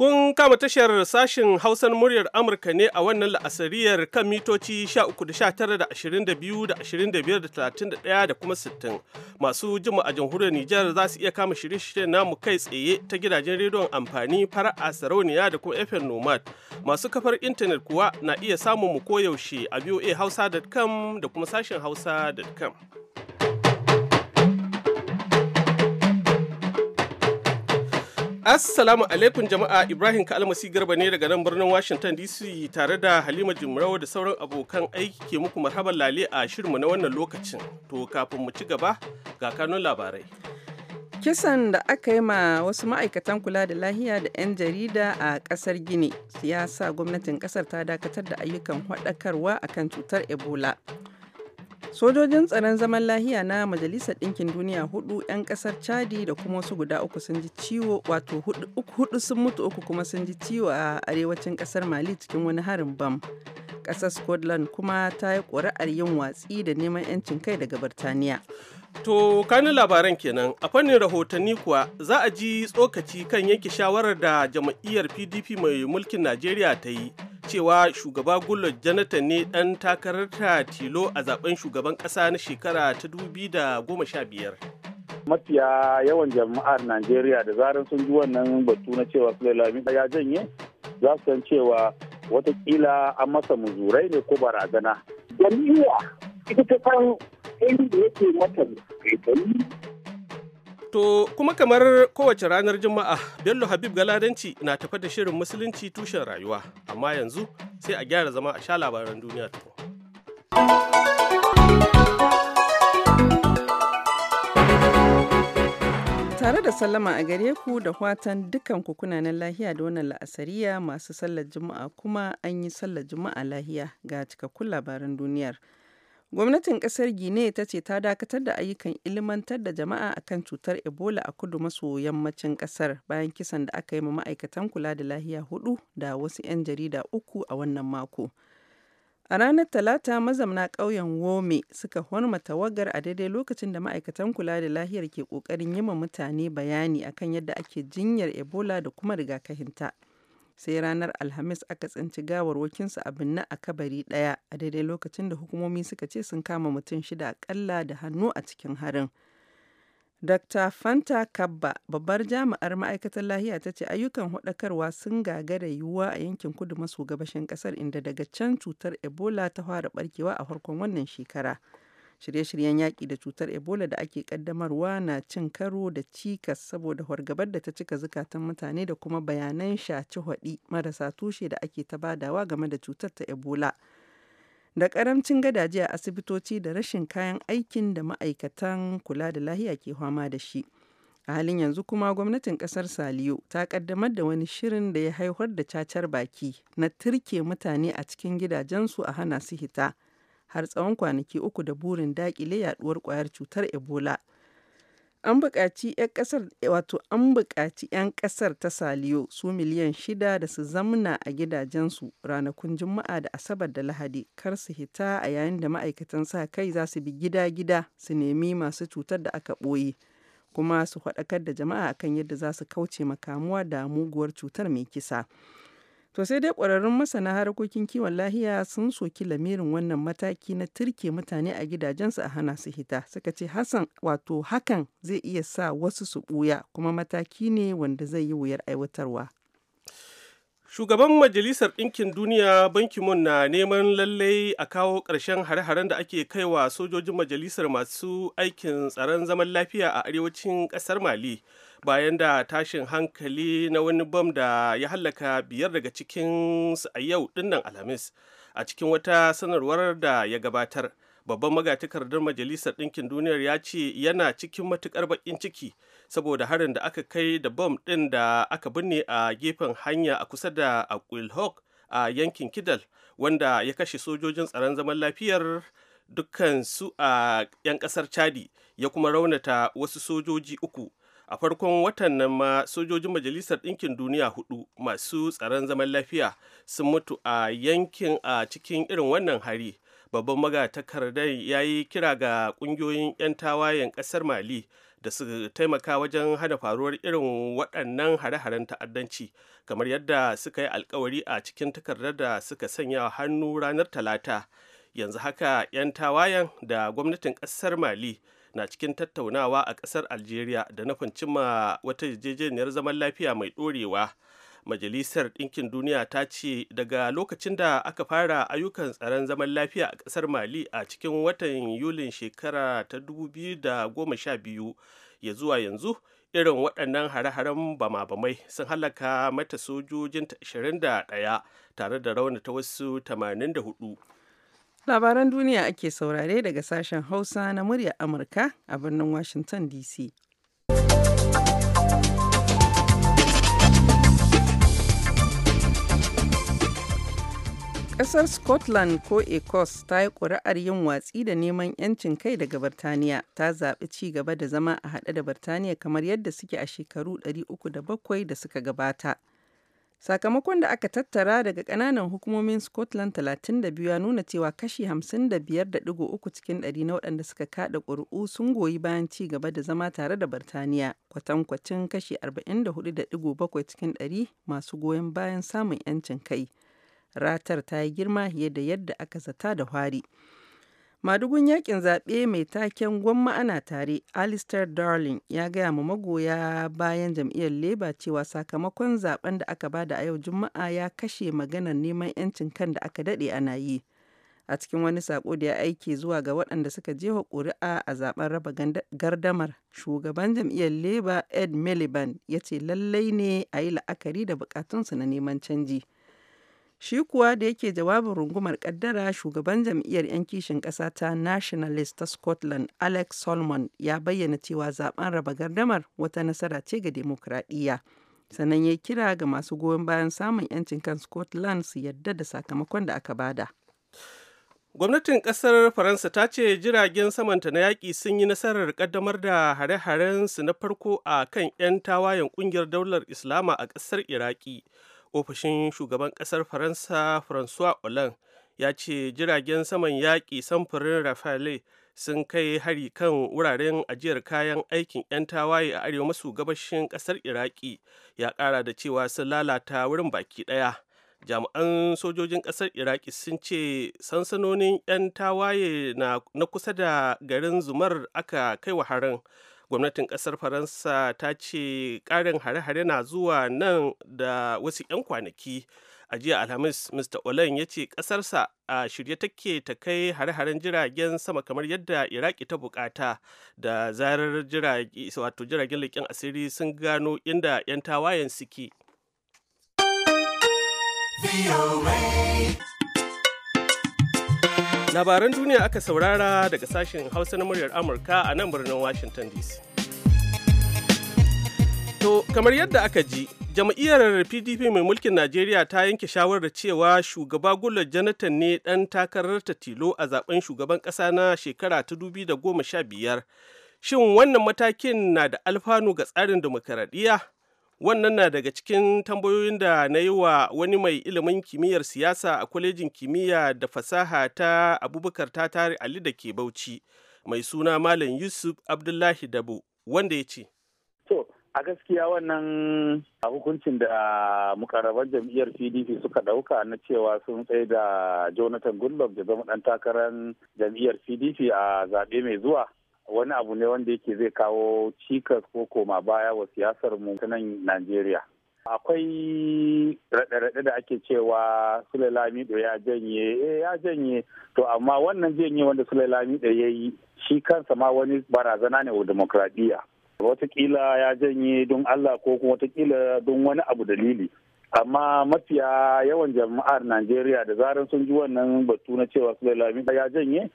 Kun kama tashar sashen Hausan muryar Amurka ne a wannan la'asariyar kan mitoci 13 da 22 da 25 da 31 da kuma 60. Masu jima a jamhuriyar Nijar za su iya kama shirye-shiryen namu kai tsaye ta gidajen rediyon amfani fara'a sarauniya da kuma FM Nomad. Masu kafar intanet kuwa na iya samun mu koyaushe a Hausa.com da kuma sashin hausa.com. Assalamu alaikum jama'a Ibrahim Kalmasi Garba ne daga nan birnin Washington DC tare da Halima Jimrawa da sauran abokan aiki ke muku marhaban lale a shirinmu na wannan lokacin. To kafin mu ci gaba ga kanun labarai. Kisan da aka yi ma wasu ma'aikatan kula da lahiya da 'yan jarida a kasar Gini siyasa gwamnatin kasar ta dakatar da ayyukan a kan cutar Ebola. Sojojin tsaron zaman lahiya na Majalisar Ɗinkin Duniya hudu 'yan ƙasar Chadi da kuma wasu guda uku sun ji ciwo wato hudu sun mutu uku kuma sun ji ciwo a arewacin ƙasar Mali cikin wani harin bam. Ƙasar Scotland kuma ta yi ƙuri'ar yin watsi da neman 'yancin kai daga Birtaniya. To kanin labaran kenan a fannin rahotanni kuwa za a ji tsokaci kan yanke shawarar da jam'iyyar PDP mai mulkin Najeriya ta yi cewa shugaba Goodluck Jonathan ne ɗan takarar tilo a zaben shugaban ƙasa na shekara ta 2015. Mafiya yawan jama'ar Najeriya da zarar sun ji wannan batu na cewa Sulaiman ya janye za su san cewa watakila an masa muzurai ne ko barazana. Jami'a ita ta san To kuma kamar kowace ranar Juma'a, Bello Habib Galadanci na tafa da shirin Musulunci tushen rayuwa, amma yanzu sai a gyara zama a sha labaran duniya Tare da sallama a gare ku da watan dukkan kunanan lahiya da wannan la'asariya masu sallar Juma'a kuma an yi sallar Juma'a lahiya ga cikakkun labaran duniyar. Gwamnatin ƙasar Guinea ta ce ta dakatar da ayyukan ilmantar da jama'a akan cutar Ebola a kudu maso yammacin ƙasar bayan kisan da aka yi ma ma'aikatan kula da lahiya hudu da wasu 'yan jarida uku a wannan mako. A ranar Talata mazamna ƙauyen Wome suka horma tawagar a daidai lokacin da ma'aikatan kula da lahiyar ke ƙoƙarin yi mutane bayani akan yadda ake jinyar Ebola da kuma rigakafinta. sai ranar alhamis aka tsinci gawarwakinsa a binne a kabari daya a daidai lokacin da hukumomi suka ce sun kama mutum shida akalla da hannu a cikin harin dr fanta kabba babbar jami'ar ma'aikatar lahiya ta ce ayyukan hudakarwa sun gagara yiwuwa a yankin kudu maso gabashin kasar inda daga can cutar ebola ta fara barkewa a farkon wannan shekara Shirye-shiryen yaƙi da cutar Ebola da ake ƙaddamarwa na cin karo da cikas saboda hargabar da ta cika zukatan mutane da kuma bayanan shaci-haɗi marasa tushe da ake ta badawa game da cutar ta Ebola. Da ƙaramcin gadaje a asibitoci da rashin kayan aikin da ma'aikatan kula da lahiya ke fama da shi. a halin yanzu kuma gwamnatin ƙasar saliyo ta ƙaddamar da wani shirin da ya haifar da cacar baki na turke mutane a cikin gidajensu a hana su hita har tsawon kwanaki uku da burin daƙile yaduwar kwayar cutar Ebola. An buƙaci 'yan ƙasar wato an buƙaci 'yan ƙasar ta Saliyo su miliyan shida da su zamna a gidajensu ranakun Juma'a da Asabar da Lahadi kar su hita a yayin da ma'aikatan sa kai za su bi gida-gida su nemi masu cutar da aka ɓoye kuma su faɗakar da jama'a akan yadda za su kauce makamuwa da muguwar cutar mai kisa. To sai dai ƙwararrun masana harkokin kiwon lahiya sun soki lamirin wannan mataki na turke mutane a gidajensu a hana su hita. Suka ce Hassan wato hakan zai iya sa wasu su ɓuya kuma mataki ne wanda zai yi wuyar aiwatarwa. Shugaban Majalisar Ɗinkin Duniya Banki Mun na neman lallai a kawo ƙarshen hare-haren da ake kaiwa sojojin majalisar masu aikin tsaron zaman lafiya a arewacin ƙasar Mali. bayan da tashin hankali na wani bom da ya hallaka biyar daga cikinsu a yau dinnan alhamis a cikin wata sanarwar da ya gabatar babban magatakardar majalisar ɗinkin duniyar ya ce yana cikin matukar baƙin ciki saboda harin da aka kai da bom ɗin da aka binne a gefen hanya a kusa da aquilhawk a yankin kidal wanda ya kashe sojojin tsaron zaman lafiyar dukkansu a 'yan ƙasar chadi ya kuma raunata wasu sojoji uku a farkon watan nan ma sojojin majalisar ɗinkin duniya hudu masu tsaron zaman lafiya sun mutu a yankin a cikin irin wannan hari babban magatakardar ya yi kira ga ƙungiyoyin 'yan tawayen ƙasar mali da su taimaka wajen hana faruwar irin waɗannan hare-haren ta'addanci kamar yadda suka yi alkawari a cikin takardar da suka sanya hannu ranar talata yanzu haka 'yan tawayen da gwamnatin ƙasar mali na cikin tattaunawa a ƙasar algeria da na nufin cimma wata yarjejeniyar zaman lafiya mai ɗorewa majalisar ɗinkin duniya ta ce daga lokacin da aka fara ayyukan tsaron zaman lafiya a ƙasar mali a cikin watan yulin shekara ta 2012 ya zuwa yanzu irin waɗannan hare-haren bama-bamai sun halaka mata sojojinta 21 tare da raunata wasu 84 Labaran duniya ake saurare daga sashen Hausa na murya Amurka a birnin Washington DC. Ƙasar Scotland ko ECOS ta yi ƙuri'ar yin watsi da neman 'yancin kai daga Birtaniya ta zaɓi ci gaba da zama a haɗe da Birtaniya kamar yadda suke a shekaru 307 da suka gabata. Sakamakon da aka tattara daga kananan hukumomin Scotland 32 ya nuna cewa kashi 55.3 cikin 100 na waɗanda suka kada ƙuri'u sun goyi bayan ci gaba da zama tare da Birtaniya, kwatankwacin kashi 44.7 cikin 100 masu goyon bayan samun 'yancin kai. Ratar ta yi girma fiye da yadda aka zata da hwari. Madugun yakin zaɓe mai taken Gwamma ana tare, Alistair Darling ya gaya ma magoya bayan jam'iyyar leba cewa sakamakon zaben da aka bada a yau Juma'a ya kashe maganar neman 'yancin kan da aka daɗe ana yi. A cikin wani sako da ya aiki zuwa ga waɗanda suka jefa ƙuri'a a zaben raba gardamar, shugaban jam'iyyar leba Ed Miliband ya ce lallai ne a yi la'akari da bukatunsu na neman canji. Shi kuwa da yake jawabin rungumar kaddara, shugaban jam'iyyar 'yan kishin ƙasa ta Nationalist ta Scotland, Alex Solomon, ya bayyana cewa zaben raba gardamar wata nasara ce ga demokradiyya. Sannan ya kira ga masu goyon bayan samun 'yancin kan Scotland su yadda da sakamakon da aka bada. Gwamnatin kasar Faransa ta ce jiragen samanta na yaƙi sun yi nasarar kaddamar da hare-harensu na farko a kan 'yan tawayen ƙungiyar daular Islama a ƙasar Iraki. ofishin shugaban kasar faransa francois hollande ya ce jiragen saman yaƙi samfurin rafale sun kai hari kan wuraren ajiyar kayan aikin 'yan tawaye a arewa masu gabashin kasar iraki ya ƙara da cewa sun lalata wurin baki ɗaya jami'an sojojin kasar iraki sun ce sansanonin 'yan tawaye na kusa da garin zumar aka kai wa harin gwamnatin kasar faransa ta ce karin hare-hare na zuwa nan da wasu 'yan kwanaki a jiya alhamis mr olan ya ce kasarsa a shirye take ta kai hare-haren jiragen sama kamar yadda iraki ta bukata da zarar jiragen leƙen asiri sun gano inda 'yan tawayen suke. Labaran duniya aka saurara daga sashen Hausa na muryar Amurka a nan birnin Washington DC. To, kamar yadda aka ji, jam'iyyar PDP mai mulkin Najeriya ta yanke shawarar cewa shugaba Gullar Jonathan ne ɗan takarar ta tilo a zaben shugaban ƙasa na shekara ta dubi da goma sha biyar Shin wannan matakin na da alfanu ga tsarin demokaradiyya? wannan na daga cikin tambayoyin da na yi wa wani mai ilimin kimiyyar siyasa a kwalejin kimiyya da fasaha ta abubakar ta tatari ali da ke bauchi mai suna malam yusuf abdullahi dabo wanda ya ce to a gaskiya wannan a hukuncin da mukarraban jam'iyyar pdp suka dauka na cewa sun tsaye da jonathan goodluck da zama dan takarar jam'iyyar pdp a zaɓe mai zuwa wani abu ne wanda yake zai kawo cikas ko koma baya wa siyasar mu ta nan Najeriya. Akwai raɗe-raɗe da ake cewa Sule Lamido ya janye, eh ya janye, to amma wannan janye wanda Sule Lamido ya yi shi kansa ma wani barazana ne wa demokradiyya. Wataƙila ya janye don Allah ko kuma wataƙila don wani abu dalili. amma mafiya yawan jama'ar Najeriya da zarar sun ji wannan batu na cewa Sule Lamido ya janye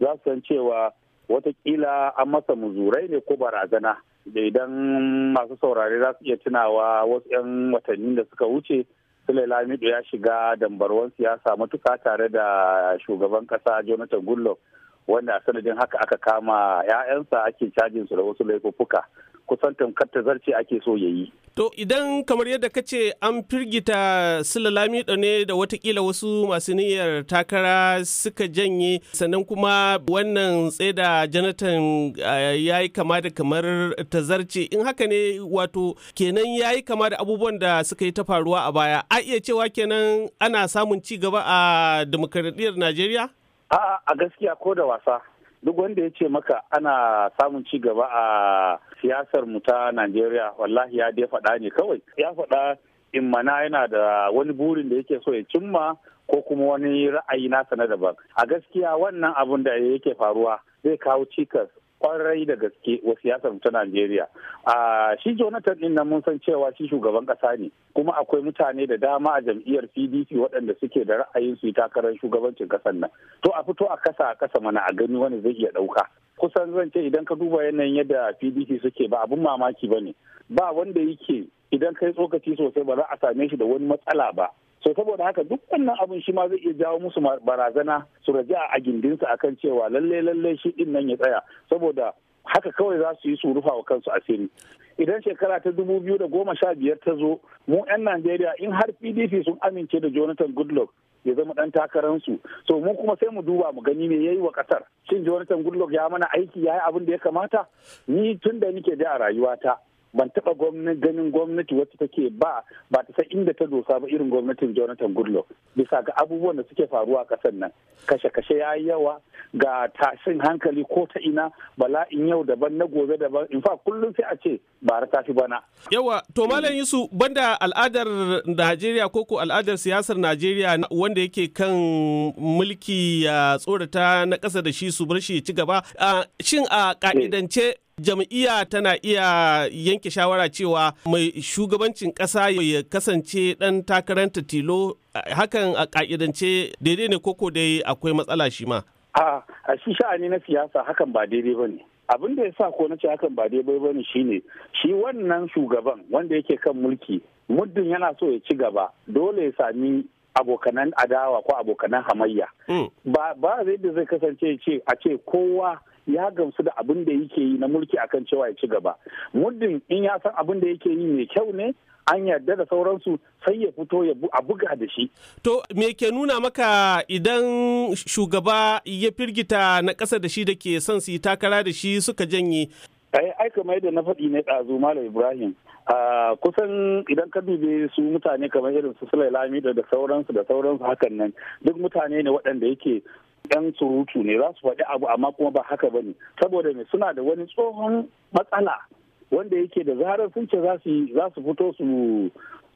za su san cewa watakila an masa muzurai ne ko barazana da idan masu saurare za su iya tunawa wasu 'yan watannin da suka wuce sule lamido ya shiga dambarwan siyasa matuka tare da shugaban kasa jonathan gullo wanda a sanadin haka aka kama 'ya'yansa ake cajinsu da wasu laifuffuka kusan tamkar zarce ake so ya yi. To idan kamar yadda ka ce an firgita Sulalami ne da watakila wasu masu niyyar takara suka janye sannan kuma wannan tsaida Jonathan ya yi kama da kamar tazarce in haka ne wato kenan ya yi kama da abubuwan da suka yi ta faruwa a baya a iya cewa kenan ana samun ci gaba a demokradiyyar Najeriya? A'a a gaskiya ko da wasa duk wanda ya ce maka ana samun ci gaba a siyasar mu ta Najeriya wallahi ya dai faɗa ne kawai ya faɗa in mana yana da wani burin da yake so ya cimma ko kuma wani ra'ayi nasa na daban a gaskiya wannan abin da yake faruwa zai kawo cikas kwarai da gaske wa siyasar ta Najeriya. Shi Jonathan din nan mun san cewa shi shugaban kasa ne kuma akwai mutane da dama a jam'iyyar PDP waɗanda suke da ra'ayin su takarar shugabancin kasar nan. To a fito a kasa a kasa mana a gani wani zai iya ɗauka. Kusan zan ce idan ka duba yanayin yadda PDP suke ba abun mamaki ba ne. Ba wanda yake idan kai tsokaci sosai ba za a same shi da wani matsala ba. so saboda haka duk wannan abin shi ma zai iya jawo musu barazana su raji a gindinsa akan cewa lalle lalle shi din nan ya tsaya saboda haka kawai za su yi su rufa wa kansu asiri idan shekara ta dubu biyu da goma sha biyar ta zo mu 'yan najeriya in har pdp sun amince da jonathan goodluck ya zama dan takararsu so mu kuma sai mu duba mu gani me yayi wa kasar shin jonathan goodluck ya mana aiki ya yi abin da ya kamata ni tunda da nike da a rayuwata ban taɓa ganin gwamnati wacce take ba ba ta san inda ta dosa ba irin gwamnatin jonathan goodluck bisa ga abubuwan da suke faruwa a ƙasar nan kashe-kashe ya yi yawa ga tashin hankali ko ta ina Bala in yau daban na gobe daban in fa kullum sai a ce ba ta fi bana. yawa to malam yusu banda al'adar najeriya ko ko al'adar siyasar najeriya wanda yake kan mulki ya tsorata na kasa da shi su bar shi ya ci gaba shin a ka'idance jam'iyya tana iya yanke shawara cewa mai shugabancin ƙasa ya kasance ɗan takaranta tilo hakan a ƙa'idance daidai ne koko dai akwai matsala shi ma. A shi sha'ani na siyasa hakan ba daidai ba ne. Abin da ya sa ko na ce hakan ba daidai ba ne shi ne. shi wannan shugaban wanda yake kan mulki muddin yana so ya ci gaba dole ya sami abokanan adawa ko abokanan hamayya. Hmm. Ba zai da zai kasance ce a ce kowa ya gamsu da abin da yake yi na mulki akan cewa ya ci gaba muddin in ya san abin da yake yi mai kyau ne an yarda da sauransu sai ya fito ya a buga da shi. To me ke nuna maka idan shugaba ya firgita na kasa da shi da ke son su yi takara da shi suka janye? Eh, ai, kamar yadda na faɗi ne ɗazu Malam Ibrahim. Ah, kusan idan ka dube su mutane kamar irin su lamida da sauransu da sauransu hakan nan duk mutane ne waɗanda yake yan surutu ne za su faɗi abu amma kuma ba haka bane saboda ne suna da wani tsohon matsala wanda yake da zarar sun ce za su fito su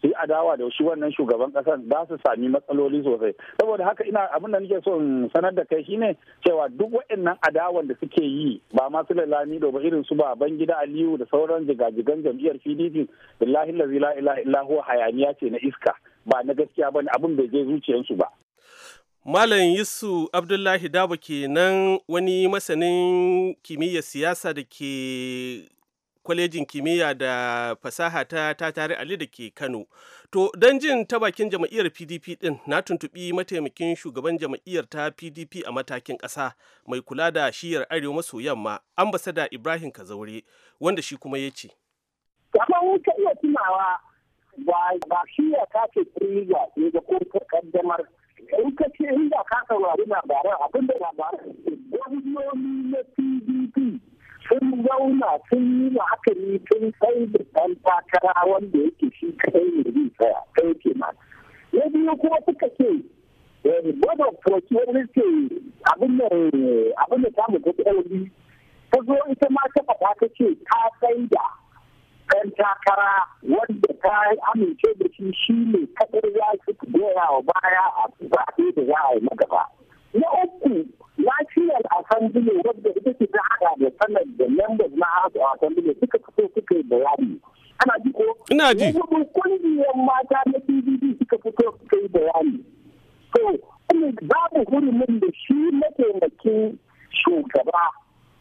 yi adawa da shi wannan shugaban kasan za su sami matsaloli sosai saboda haka ina abin da nake son sanar da kai shine cewa duk waɗannan adawan da suke yi ba ma su lalami da irin su ba ban gida aliyu da sauran jigajigan jam'iyyar pdp billahi la ilaha illa hayaniya ce na iska ba na gaskiya bane abin bai je zuciyarsu ba Malam Yusuf Abdullahi Daba nan, wani masanin kimiyyar siyasa da ke kwalejin kimiyya da fasaha ta tatare ali da ke kano to don jin ta bakin jama'iyyar pdp din na tuntuɓi mataimakin shugaban jama'iyyar ta pdp a matakin ƙasa mai kula da shiyar arewa maso yamma ambasada ibrahim kazaure wanda shi kuma ya ce kamar tunawa ba shiyar ta ce yi zaɓe da in ka ce in da ka saurari labaran abin labaran gwamnoni na pdp sun zauna sun yi la'akari sun sai da ɗan takara wanda yake shi kai ne zai tsaya yake ma na biyu kuma suka ce eh, ce abin ɗan takara wanda ta amince da shi shi ne kaɗai ya fi goya wa baya a zaɓe da za a yi na Na uku lafiyar asambile wadda ita ce ta haɗa da sanar da members na house a assembly suka fito suka yi bayani. Ana ji ko? Ina ji. Wani kungiyar mata na PDP suka fito suka yi bayani. To, babu hurumin da shi mataimakin shugaba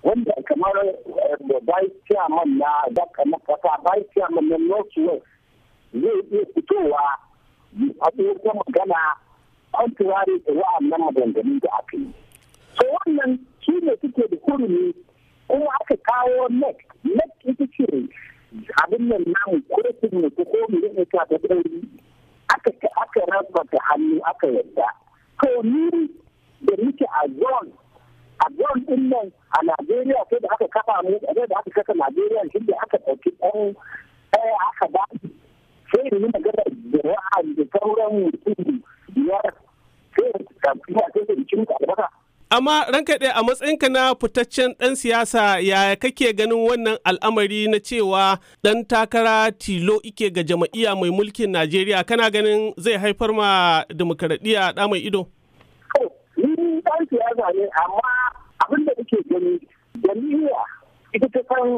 wanda kamar eh, vice chairman na daga na vice chairman na north west zai iya fitowa a tsohon magana an turare da wa'annan maganganun da aka yi so wannan shi ne suke da kurmi kuma aka kawo net net ita ce abin nan namu kurkun ne ko komi ne ta da dauri aka aka rabata hannu aka yarda to ni da nake a zone a ɗin nan a najeriya sai da aka kafa mu sai da aka saka najeriya shi da aka ɗauki ɗan ɗaya aka ba sai da yin da ra'ayi da sauran mutum ya sai da kamfiya sai da cikin albasa amma ranka ɗaya a matsayinka na fitaccen ɗan siyasa ya kake ganin wannan al'amari na cewa ɗan takara tilo ike ga jama'iya mai mulkin najeriya kana ganin zai haifar ma dimokuraɗiyya ɗa mai ido ɗan ya zane amma abin da muke gani jami'a ita ta san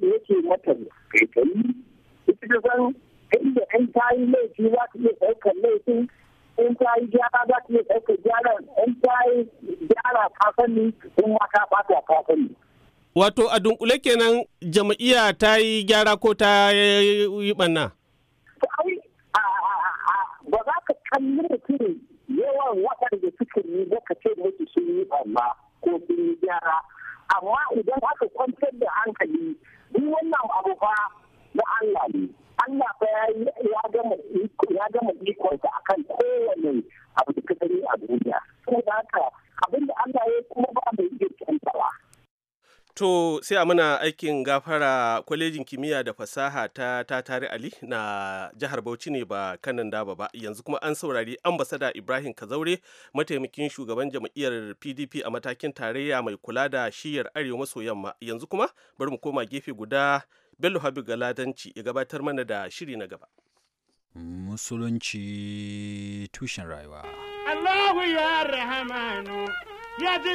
da yake mata kai ita ta san da ɗan ta yi laifi za ta iya ɗaukar laifin ɗan ta yi gyara za ta iya ɗaukar gyara ɗan ta yi gyara ka sani in ma ta ɓata ka sani. Wato a dunkule kenan jam'iyya ta yi gyara ko ta yi ɓanna? Ba za ka kalli mutum yawan waɗanda suka yi lokaci da su sun yi ɓarna ko sun yi gyara amma idan aka kwantar da hankali duk wannan abu ba na Allah ne Allah fa ya gama ikonsa akan kowane abu da ka gani a duniya ko da haka abinda Allah ya kuma ba mai iya kyantawa To sai a muna aikin gafara kwalejin kimiyya da fasaha ta Tatari Ali na jihar Bauchi ne ba kanan daba ba yanzu kuma an saurari ambasada Ibrahim Kazaure mataimakin shugaban jam'iyyar PDP a matakin tarayya mai kula da shiyar arewa maso yamma yanzu kuma bari mu koma gefe guda Bello Habib Galadanci ya gabatar mana da shiri na gaba. Musulunci tushen rayuwa. Allahu ya rahamanu ya ji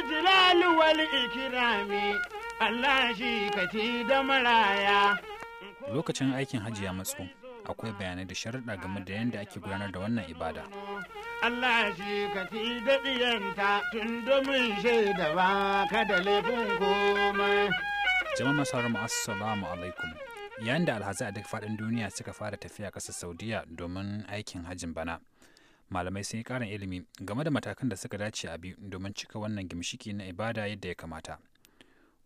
wal ikirami Allah shi kati da maraya. Lokacin aikin hajiya matsu, akwai bayanai da sharaɗa game da yadda ake gudanar da wannan ibada. Allah shi kati da ɗiyanta tun domin shaida ba laifin komai. Jama'a masu mu assalamu alaikum. Yayin da alhazai a duk faɗin duniya suka fara tafiya ƙasar Saudiya domin aikin hajjin bana. malamai sun yi ƙarin ilimi game da matakan da suka dace a biyu domin cika wannan gimshiki na ibada yadda ya kamata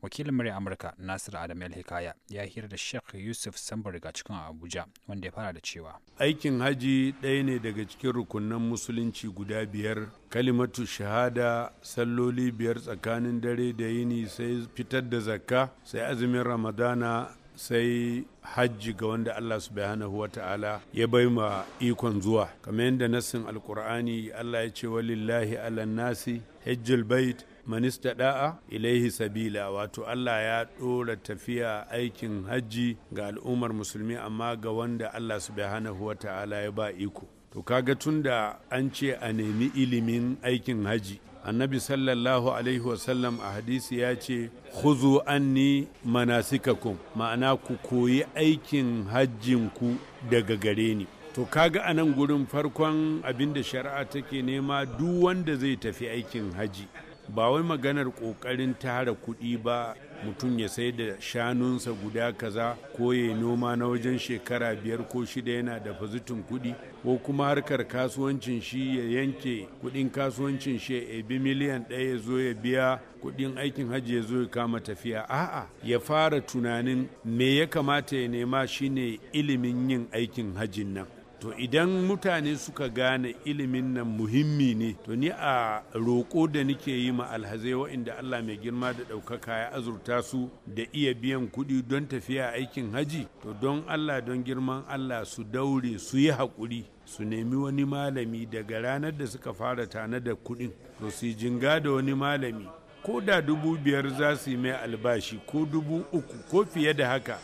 wakilin murya amurka nasir adam hikaya ya hira da sheikh yusuf sambarga cikin abuja wanda ya fara da cewa aikin haji ɗaya ne daga cikin rukunan musulunci guda biyar kalimatu shahada salloli biyar tsakanin dare da yini sai fitar da zakka sai azumin ramadana sai hajji ga wanda Allah subhanahu wa ta'ala ya bai ma ikon zuwa kamar yadda nassin alkur'ani Allah ya ce walillahi ala nasi hajjul bait manista da'a ilaihi sabila wato Allah ya ɗora tafiya aikin hajji ga al'ummar musulmi amma ga wanda Allah subhanahu wa ta'ala ya ba iko to kaga tunda an ce a nemi ilimin aikin hajji annabi sallallahu alaihi wasallam a hadisi ya ce khuzu anni manasikakum ma'ana ku koyi aikin hajjinku daga gare ni to kaga a nan gurin farkon abinda shari'a take nema duk wanda zai tafi aikin haji ba wai maganar ƙoƙarin tara kuɗi ba mutum ya sai da shanunsa guda kaza ko ya noma na wajen shekara biyar ko shida yana da fazitin kuɗi ko kuma harkar kasuwancin shi ya yanke kuɗin kasuwancin shi ya bi miliyan ɗaya ya zo ya biya kuɗin aikin hajji ya zo ya kama tafiya a'a ya fara tunanin me ya kamata ya nema shine ilimin yin aikin hajjin nan to idan mutane suka gane ilimin nan muhimmi ne to ni a roƙo da nike yi ma alhazai wa'inda Allah mai girma da ɗaukaka ya azurta su da iya biyan kuɗi don tafiya aikin haji to don Allah don girman Allah su daure su yi haƙuri su nemi wani malami daga ranar da suka fara tana da kuɗin to su jinga da wani malami ko da dubu biyar za su yi mai albashi ko dubu uku ko fiye da haka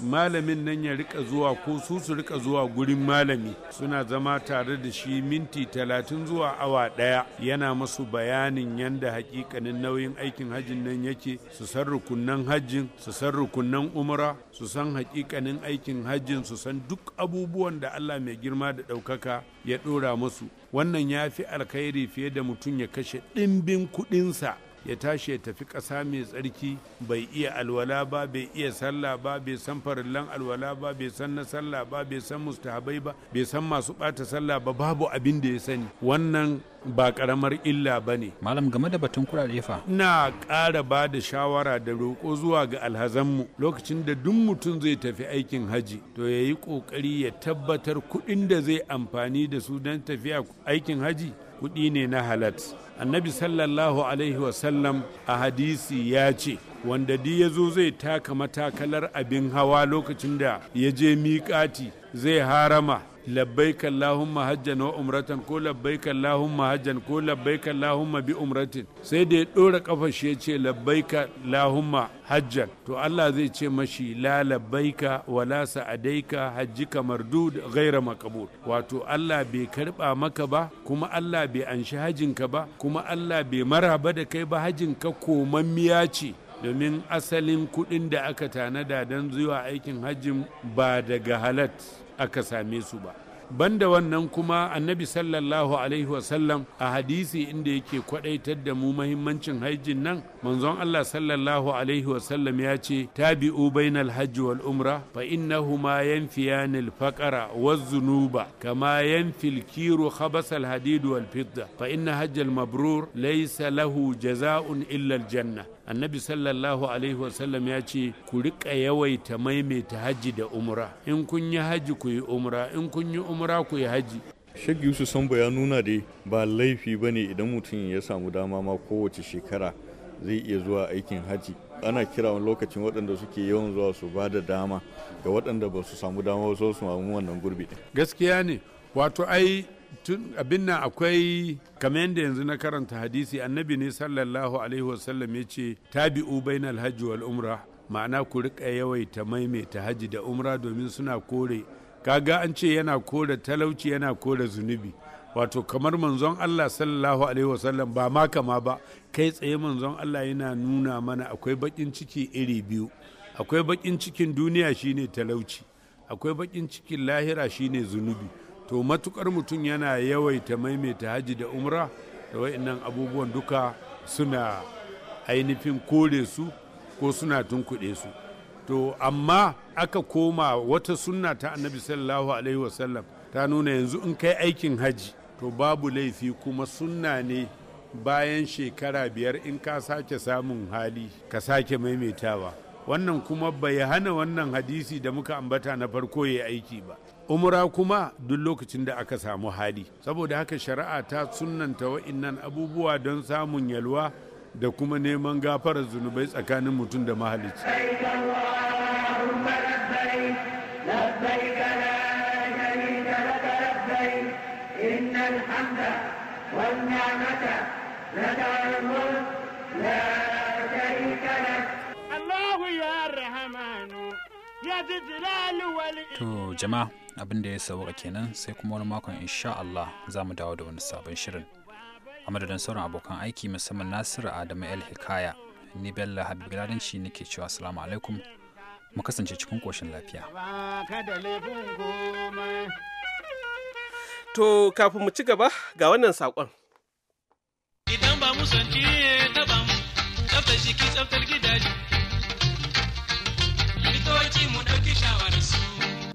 malamin nan ya rika zuwa ko su su rika zuwa gurin malami suna zama tare da shi minti talatin zuwa awa ɗaya yana masu bayanin yadda hakikanin nauyin aikin hajjin nan yake su san rukunan hajjin su san rukunan umra su san hakikanin aikin hajjin su san duk abubuwan da Allah mai girma da ɗaukaka ya ɗora musu. wannan ya fi alkhairi fiye da mutum ya kashe ɗimbin kuɗinsa ya tashi ya tafi ƙasa mai tsarki bai iya alwala ba bai iya sallah ba bai san farillan alwala ba bai san na sallah ba bai san mustahabai ba bai san masu ɓata sallah ba babu abin da ya sani wannan ba karamar illa ba ne. Malam game da batun kurare fa. Na ƙara ba da shawara da roƙo zuwa ga alhazanmu lokacin da duk mutum zai tafi aikin haji to ya yi ƙoƙari ya tabbatar kuɗin da zai amfani da su don tafiya aikin haji kuɗi ne na halat annabi sallallahu alaihi wasallam a hadisi ya ce wanda di ya zo zai taka matakalar abin hawa lokacin da ya je miƙati zai harama labbaik Allahumma hajjan wa umratan ko labbaik Allahumma hajjan ko labbaik Allahumma bi umratin sai da ya ɗora kafar shi ya ce labbaik Allahumma hajjan to Allah zai ce mashi la labbaika wala sa'adaika hajjika mardud ghaira makabul wato Allah bai karɓa maka ba kuma Allah bai anshi hajinka ba kuma Allah bai maraba da kai ba hajinka komammiya ce domin asalin kuɗin da aka tanada don zuwa aikin hajjin ba daga halat aka same su ba banda wannan kuma annabi sallallahu alaihi wasallam a hadisi inda yake kwadaitar da mu mahimmancin hajjin nan manzon Allah sallallahu alaihi wasallam ya ce tabi'u bainal hajji wal umra fa innahuma yanfiyanil faqara waz zunuba kama yanfi al kiru khabas al hadid wal fidda fa inna hajjal mabrur laysa lahu jazaa'un illa al janna annabi sallallahu alaihi wasallam ya ce ku riƙa yawaita maimaita hajji da umra in kun yi hajji ku yi umra in kun yi umra ku yi hajji shek yusuf sambo ya nuna dai ba laifi ba ne idan mutum ya samu dama ma kowace shekara zai iya zuwa aikin hajji ana kira wani lokacin waɗanda suke yawan zuwa su ba da dama ga waɗanda ba su samu dama ba su samu wannan gurbi gaskiya ne wato ai tun abin nan akwai kamar yadda yanzu na karanta hadisi annabi ne sallallahu alaihi wasallam ya ce tabi'u bainal hajji wal umra ma'ana ku riƙa yawaita maimaita hajji da umra domin suna kore kaga an ce yana kore talauci yana kore zunubi wato kamar manzon Allah sallallahu alaihi wasallam ba ma kama ba kai tsaye manzon Allah yana nuna mana akwai bakin ciki iri biyu akwai bakin cikin duniya shine talauci akwai bakin cikin lahira shine zunubi to matukar mutum yana yawaita maimaita haji da umra da wa'annan abubuwan duka suna ainihin kore su ko suna tunkuɗe su to amma aka koma wata sunna ta annabi sallallahu alaihi wasallam ta nuna yanzu in kai aikin haji to babu laifi kuma sunna ne bayan shekara biyar in ka sake samun hali ka sake maimaitawa wannan kuma bai hana wannan hadisi da muka ambata na farko ya aiki ba umura kuma duk lokacin da aka samu hali saboda haka shari'a ta sunanta wa'innan abubuwa don samun yalwa da kuma neman gafarar zunubai tsakanin mutum da mahalicci To jama'a abin da ya sauka kenan sai kuma wani makon insha Allah za mu dawo da wani sabon shirin a madadin sauran abokan aiki musamman nasiru adamu el hikaya ni Bello habib ne nake cewa asalamu alaikum mu kasance cikin koshin lafiya to kafin mu ci gaba ga wannan saƙon idan ba mu sanci taba mu tsaftar ki tsaftar gidaje likitoci mu ɗauki shawararsu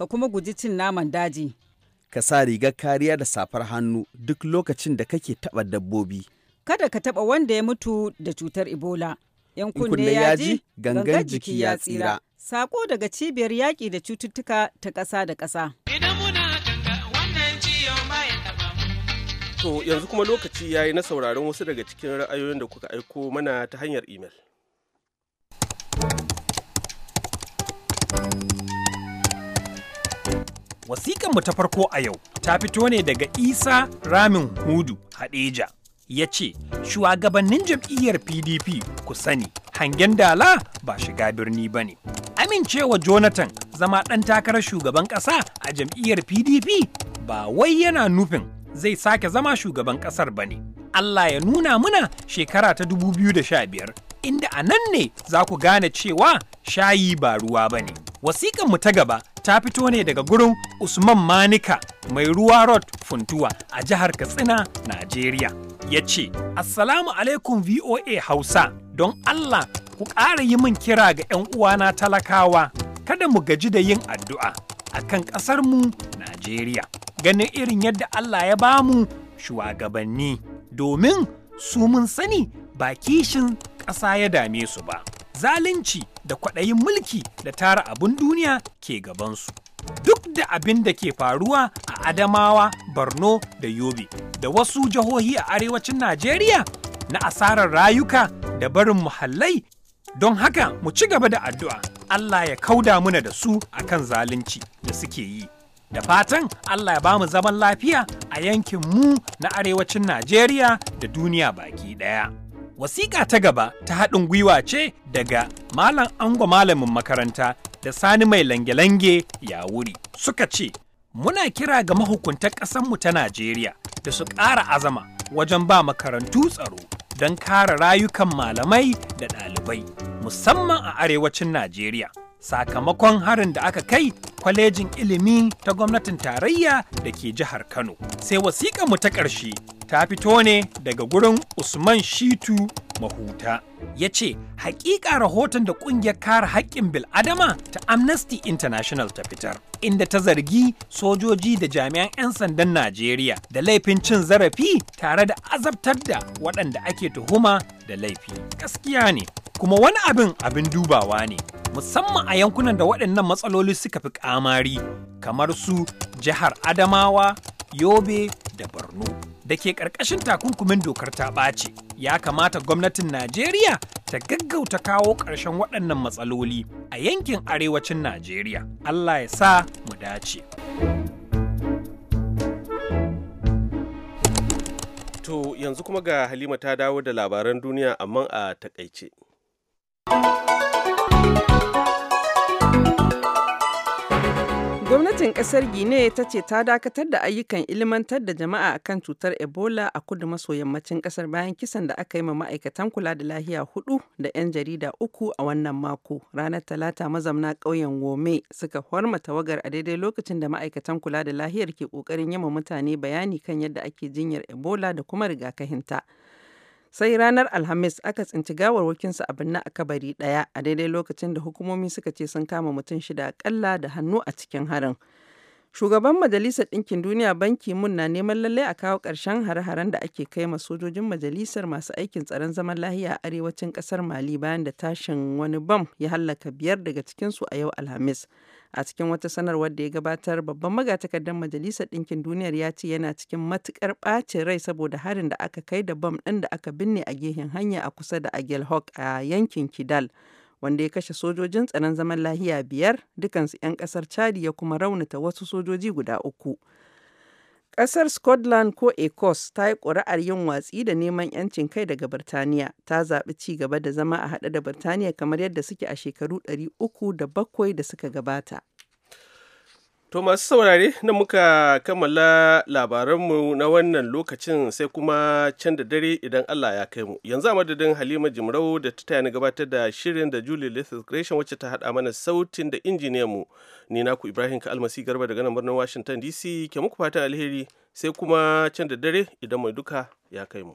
ka kuma guji cin naman daji. Ka sa rigar kariya da safar hannu duk lokacin da kake taɓa dabbobi. Kada ka taɓa wanda ya mutu da cutar Ebola. ‘Yan kunne ya ji, gangan jiki ya tsira. Sako daga cibiyar yaƙi da cututtuka ta ƙasa da ƙasa. Idan muna wannan To yanzu kuma lokaci ya yi na sauraron wasu daga cikin ra'ayoyin da kuka aiko mana ta hanyar imel. mu ta farko a yau ta fito ne daga Isa Ramin Hudu Hadeja. Ya ce, shugabannin jam'iyyar PDP ku sani, hangen dala ba shiga birni ba ne. Amincewa Jonathan zama ɗan takarar shugaban ƙasa a jam'iyyar PDP ba wai yana nufin zai sake zama shugaban ƙasar ba ne. Allah ya nuna muna shekara ta 2015 inda a nan ne za ku gane cewa shayi ba ruwa ba ne. mu ta gaba ta fito ne daga gurin Usman Manika mai ruwa rod funtuwa a jihar Katsina, Najeriya. Ya ce, Assalamu alaikum VOA Hausa, don Allah ku ƙara yi min kira ga 'yan uwana talakawa, kada mu gaji da yin addu'a a kan ƙasarmu Najeriya. Ganin irin yadda Allah ya ba mu shugabanni, domin su mun sani ba kishin ƙasa ya dame su ba. zalunci da kwaɗayin mulki da tara abin duniya ke gabansu. Duk da abin da ke faruwa a Adamawa, Borno da Yobe da wasu jihohi a arewacin Najeriya na asarar rayuka da barin muhallai don haka mu ci gaba da addu'a Allah ya kauda muna da su a kan zalunci da suke yi. Da fatan Allah ya bamu zaman lafiya a yankin mu na arewacin Najeriya da duniya baki ɗaya. Wasiƙa ta gaba ta haɗin gwiwa ce daga Malam Ango Malamin makaranta da Sani mai lange-lange ya wuri. Suka ce, Muna kira ga mahukuntan ƙasanmu ta Najeriya da su ƙara azama wajen ba makarantu tsaro don kare rayukan malamai da ɗalibai, musamman a arewacin Najeriya. Sakamakon harin da aka kai kwalejin ilimi ta gwamnatin tarayya da ke jihar Kano. Sai wasiƙa mu ta ƙarshe ta fito ne daga gurin Usman Shitu Mahuta. Ya ce, hakika rahoton da ƙungiyar kare haƙƙin bil'adama ta Amnesty International ta fitar, inda ta zargi sojoji da jami'an 'yan sandan Najeriya da laifin cin zarafi tare da azabtar da waɗanda ake tuhuma da laifi. Gaskiya ne, kuma wani abin abin dubawa ne, musamman a yankunan da waɗannan matsaloli suka fi ƙamari, kamar su jihar Adamawa, Yobe, da borno da ke ƙarƙashin takunkumin dokar ta ɓace ya kamata gwamnatin najeriya ta gaggauta kawo ƙarshen waɗannan matsaloli a yankin arewacin najeriya allah ya sa mu dace to yanzu kuma ga halima ta dawo da labaran duniya amma a takaice. Gwamnatin ƙasar Gine ta ce ta dakatar da ayyukan ilimantar da jama'a a kan cutar Ebola a kudu maso yammacin ƙasar bayan kisan da aka yi ma ma'aikatan kula da lahiya hudu da 'yan jarida uku a wannan mako. Ranar Talata mazamna ƙauyen Wome suka horma tawagar a daidai lokacin da ma'aikatan kula da lahiyar ke ƙoƙarin ma mutane bayani kan yadda ake jinyar Ebola da kuma rigakahinta. sai ranar alhamis aka tsinci gawarwakinsu a binne a kabari daya a daidai lokacin da hukumomi suka ce sun kama mutum shida akalla da hannu a cikin harin shugaban majalisar ɗinkin duniya banki mun na neman lallai a kawo ƙarshen hare-haren da ake kai ma sojojin majalisar masu aikin tsaron zaman lahiya a arewacin ƙasar mali bayan da tashin wani bam ya hallaka biyar daga cikinsu a yau alhamis a cikin wata sanarwar da ya gabatar babban magatakardar majalisar ɗinkin duniyar ya ce yana cikin matukar ɓacin rai saboda harin da aka kai da bam ɗin da aka binne a gehen hanya a kusa da hawk a yankin kidal wanda ya kashe sojojin tsaron zaman lahiya biyar dukansu 'yan ƙasar chadi ya kuma raunata wasu sojoji guda uku Ƙasar Scotland ko ECOS ta yi ƙuri'ar yin watsi da neman 'yancin kai daga Birtaniya, ta zaɓi ci gaba da zama a haɗe da Birtaniya kamar yadda suke a shekaru 307 da suka gabata. To masu saurare na muka kammala labaranmu na wannan lokacin sai kuma can da dare idan Allah ya kai mu. Yanzu a madadin Halima Jimrau da ta taya gabatar da shirin da Julie Lethal Gresham wacce ta haɗa mana sautin da injiniyanmu. Ni naku Ibrahim Kalmasi Garba daga nan birnin Washington DC ke muku fatan alheri sai kuma can da dare idan mai duka ya kai mu.